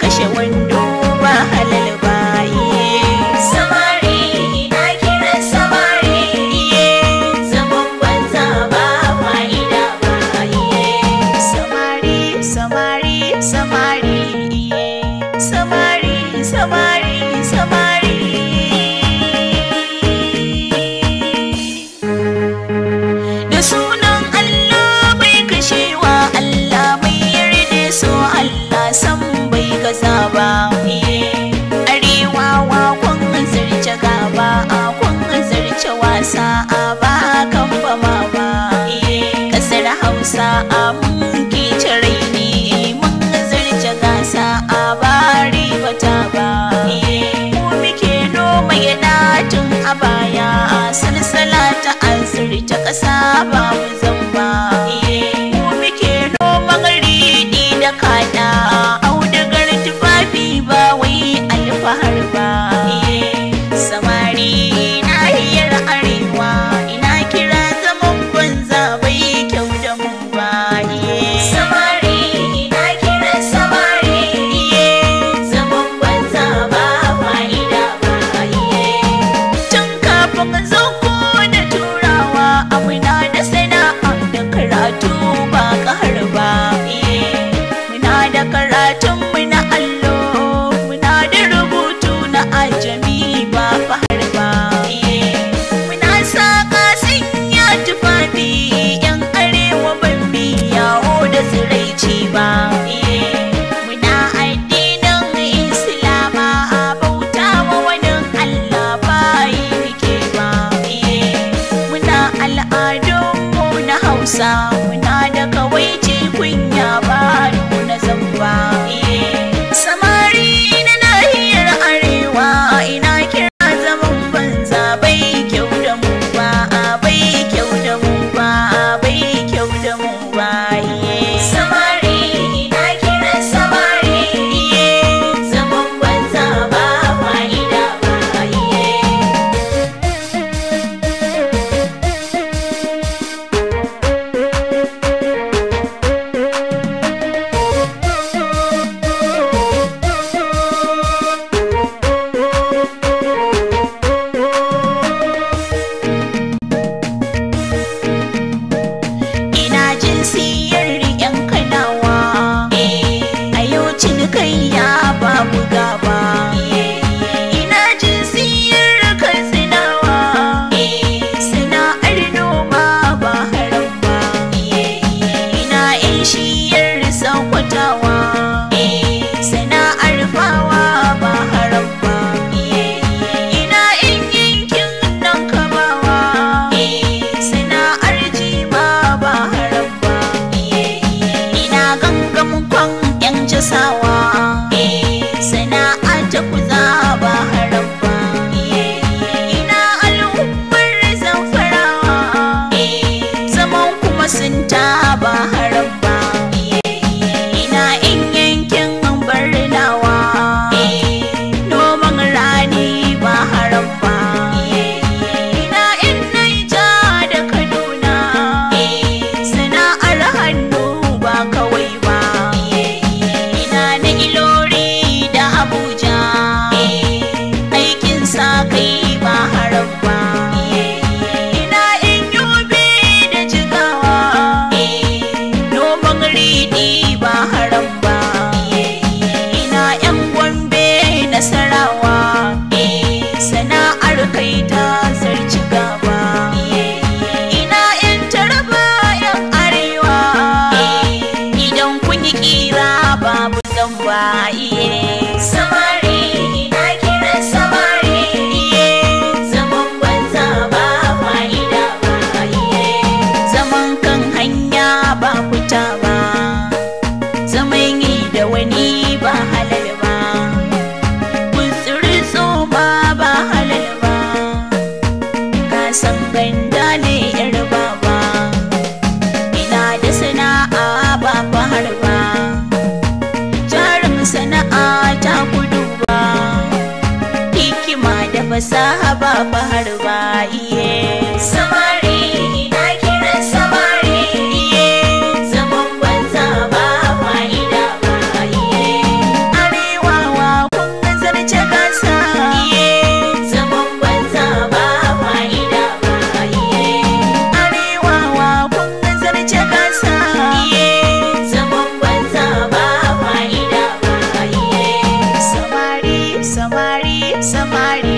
更显温柔。saba sound. masahaba bahar iye. samari na kiran samari iye zaman banza ba fa'ida ba iye arewa wa kun zarce gasa iye zaman banza ba fa'ida ba iye arewa wa kun zarce gasa iye zaman banza ba fa'ida ba iye samari samari samari